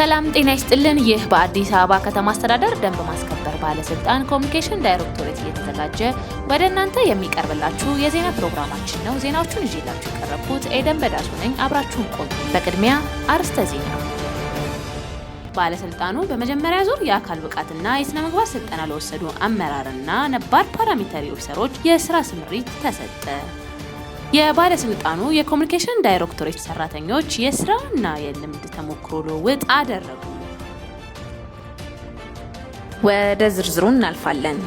ሰላም ጤና ይስጥልን። ይህ በአዲስ አበባ ከተማ አስተዳደር ደንብ ማስከበር ባለስልጣን ኮሚኒኬሽን ዳይሬክቶሬት እየተዘጋጀ ወደ እናንተ የሚቀርብላችሁ የዜና ፕሮግራማችን ነው። ዜናዎቹን ይዤላችሁ የቀረብኩት ኤደን በዳሱ ነኝ። አብራችሁን ቆዩ። በቅድሚያ አርስተ ዜና። ባለስልጣኑ በመጀመሪያ ዙር የአካል ብቃትና የስነ ምግባር ስልጠና ለወሰዱ አመራርና ነባር ፓራሚተሪ ኦፊሰሮች የስራ ስምሪት ተሰጠ። የባለስልጣኑ የኮሚኒኬሽን ዳይሬክቶሬት ሰራተኞች የስራና የልምድ ተሞክሮ ልውውጥ አደረጉ። ወደ ዝርዝሩ እናልፋለን።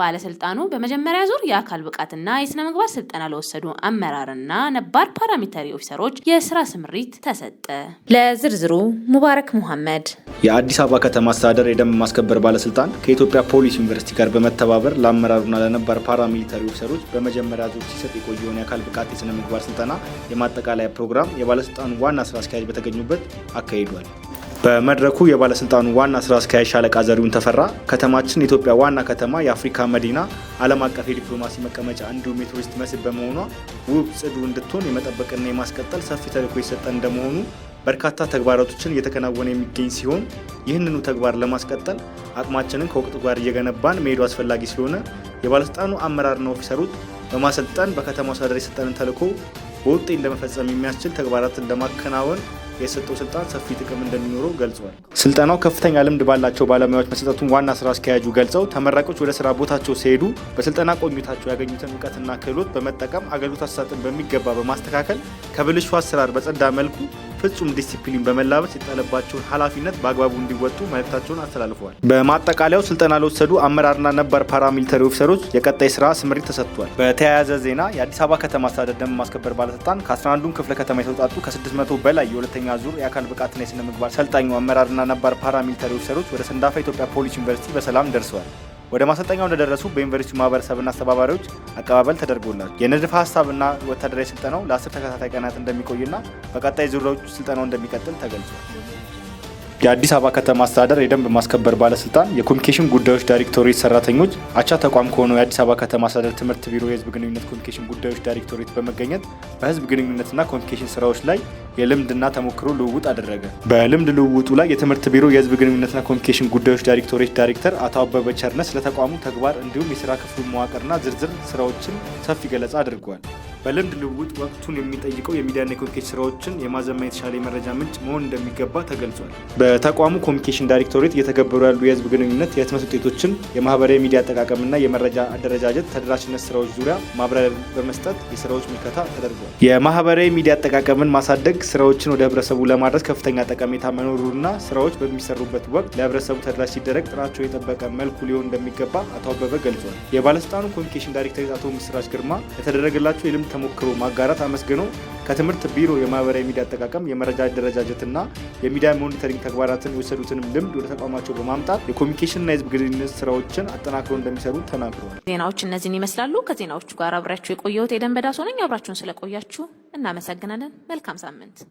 ባለስልጣኑ በመጀመሪያ ዙር የአካል ብቃትና የስነ ምግባር ስልጠና ለወሰዱ አመራርና ነባር ፓራሚተሪ ኦፊሰሮች የስራ ስምሪት ተሰጠ። ለዝርዝሩ ሙባረክ ሙሐመድ የአዲስ አበባ ከተማ አስተዳደር የደንብ ማስከበር ባለስልጣን ከኢትዮጵያ ፖሊስ ዩኒቨርሲቲ ጋር በመተባበር ለአመራሩና ለነባር ፓራሚሊታሪ ኦፊሰሮች በመጀመሪያ ዙር ሲሰጥ የቆየውን የአካል ብቃት የስነ ምግባር ስልጠና የማጠቃለያ ፕሮግራም የባለስልጣኑ ዋና ስራ አስኪያጅ በተገኙበት አካሂዷል። በመድረኩ የባለስልጣኑ ዋና ስራ አስኪያጅ ሻለቃ ዘሪሁን ተፈራ ከተማችን የኢትዮጵያ ዋና ከተማ፣ የአፍሪካ መዲና፣ ዓለም አቀፍ የዲፕሎማሲ መቀመጫ እንዲሁም የቱሪስት መስህብ በመሆኗ ውብ፣ ጽዱ እንድትሆን የመጠበቅና የማስቀጠል ሰፊ ተልዕኮ የሰጠ እንደመሆኑ በርካታ ተግባራቶችን እየተከናወነ የሚገኝ ሲሆን ይህንኑ ተግባር ለማስቀጠል አቅማችንን ከወቅቱ ጋር እየገነባን መሄዱ አስፈላጊ ስለሆነ የባለስልጣኑ አመራርና ኦፊሰሩት በማሰልጠን በከተማ አስተዳደር የሰጠንን ተልዕኮ በውጤት ለመፈጸም የሚያስችል ተግባራትን ለማከናወን የሰጠው ስልጣን ሰፊ ጥቅም እንደሚኖረው ገልጿል። ስልጠናው ከፍተኛ ልምድ ባላቸው ባለሙያዎች መሰጠቱን ዋና ስራ አስኪያጁ ገልጸው ተመራቂዎች ወደ ስራ ቦታቸው ሲሄዱ በስልጠና ቆይታቸው ያገኙትን እውቀትና ክህሎት በመጠቀም አገልግሎት አሰጣጥን በሚገባ በማስተካከል ከብልሹ አሰራር በጸዳ መልኩ ፍጹም ዲሲፕሊን በመላበስ የጣለባቸውን ኃላፊነት በአግባቡ እንዲወጡ መልእክታቸውን አስተላልፈዋል። በማጠቃለያው ስልጠና ለወሰዱ አመራርና ነባር ፓራሚሊተሪ ኦፊሰሮች የቀጣይ ስራ ስምሪት ተሰጥቷል። በተያያዘ ዜና የአዲስ አበባ ከተማ አስተዳደር ደንብ ማስከበር ባለስልጣን ከ 11 ዱን ክፍለ ከተማ የተውጣጡ ከ600 በላይ የሁለተኛ ዙር የአካል ብቃትና የስነ ምግባር ሰልጣኙ አመራርና ነባር ፓራሚሊተሪ ኦፊሰሮች ወደ ሰንዳፋ ኢትዮጵያ ፖሊስ ዩኒቨርሲቲ በሰላም ደርሰዋል። ወደ ማሰልጠኛው እንደደረሱ በዩኒቨርሲቲው ማህበረሰብና አስተባባሪዎች አቀባበል ተደርጎላቸው የንድፈ ሀሳብና ወታደራዊ ስልጠናው ለአስር ተከታታይ ቀናት እንደሚቆይና በቀጣይ ዙሮች ስልጠናው እንደሚቀጥል ተገልጿል። የአዲስ አበባ ከተማ አስተዳደር የደንብ ማስከበር ባለስልጣን የኮሚኒኬሽን ጉዳዮች ዳይሬክቶሬት ሰራተኞች አቻ ተቋም ከሆነው የአዲስ አበባ ከተማ አስተዳደር ትምህርት ቢሮ የህዝብ ግንኙነት ኮሚኒኬሽን ጉዳዮች ዳይሬክቶሬት በመገኘት በህዝብ ግንኙነትና ኮሚኒኬሽን ስራዎች ላይ የልምድና ተሞክሮ ልውውጥ አደረገ። በልምድ ልውውጡ ላይ የትምህርት ቢሮ የህዝብ ግንኙነትና ኮሚኒኬሽን ጉዳዮች ዳይሬክቶሬት ዳይሬክተር አቶ አበበ ስለተቋሙ ተግባር እንዲሁም የስራ ክፍሉ መዋቅርና ዝርዝር ስራዎችን ሰፊ ገለጻ አድርጓል። በልምድ ልውውጥ ወቅቱን የሚጠይቀው የሚዲያና የኮሚኒኬሽን ስራዎችን የማዘመን የተሻለ የመረጃ ምንጭ መሆን እንደሚገባ ተገልጿል። በተቋሙ ኮሚኒኬሽን ዳይሬክቶሬት እየተገበሩ ያሉ የህዝብ ግንኙነት፣ የህትመት ውጤቶችን፣ የማህበራዊ ሚዲያ አጠቃቀምና የመረጃ አደረጃጀት ተደራሽነት ስራዎች ዙሪያ ማብራሪያ በመስጠት የስራዎች ምልከታ ተደርጓል። የማህበራዊ ሚዲያ አጠቃቀምን ማሳደግ ስራዎችን ወደ ህብረተሰቡ ለማድረስ ከፍተኛ ጠቀሜታ መኖሩና ስራዎች በሚሰሩበት ወቅት ለህብረተሰቡ ተደራሽ ሲደረግ ጥራቸው የጠበቀ መልኩ ሊሆን እንደሚገባ አቶ አበበ ገልጿል። የባለስልጣኑ ኮሚኒኬሽን ዳይሬክቶሬት አቶ ምስራች ግርማ የተደረገላቸው የልምድ ተሞክሮ ማጋራት አመስግኖ ከትምህርት ቢሮ የማህበራዊ ሚዲያ አጠቃቀም የመረጃ አደረጃጀትና የሚዲያ ሞኒተሪንግ ተግባራትን የወሰዱትንም ልምድ ወደ ተቋማቸው በማምጣት የኮሚኒኬሽንና የህዝብ ግንኙነት ስራዎችን አጠናክሮ እንደሚሰሩ ተናግረዋል። ዜናዎች እነዚህን ይመስላሉ። ከዜናዎቹ ጋር አብሬያችሁ የቆየሁት የደንበዳ ሶነኝ። አብራችሁን ስለቆያችሁ እናመሰግናለን። መልካም ሳምንት